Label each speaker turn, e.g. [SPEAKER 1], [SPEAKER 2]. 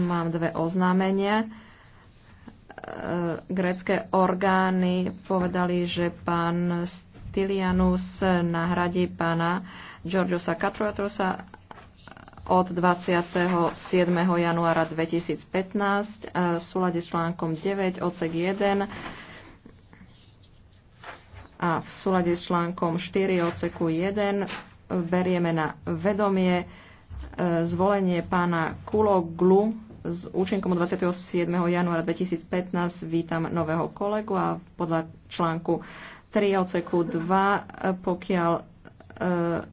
[SPEAKER 1] mám dve oznámenia. E, grécké orgány povedali, že pán Stylianus nahradí pána Georgiosa Katruatrosa od 27. januára 2015 e, v súlade s článkom 9 odsek 1 a v súlade s článkom 4 odseku 1 berieme na vedomie e, zvolenie pána Kuloglu s účinkom 27. januára 2015 vítam nového kolegu a podľa článku 3 odseku 2, pokiaľ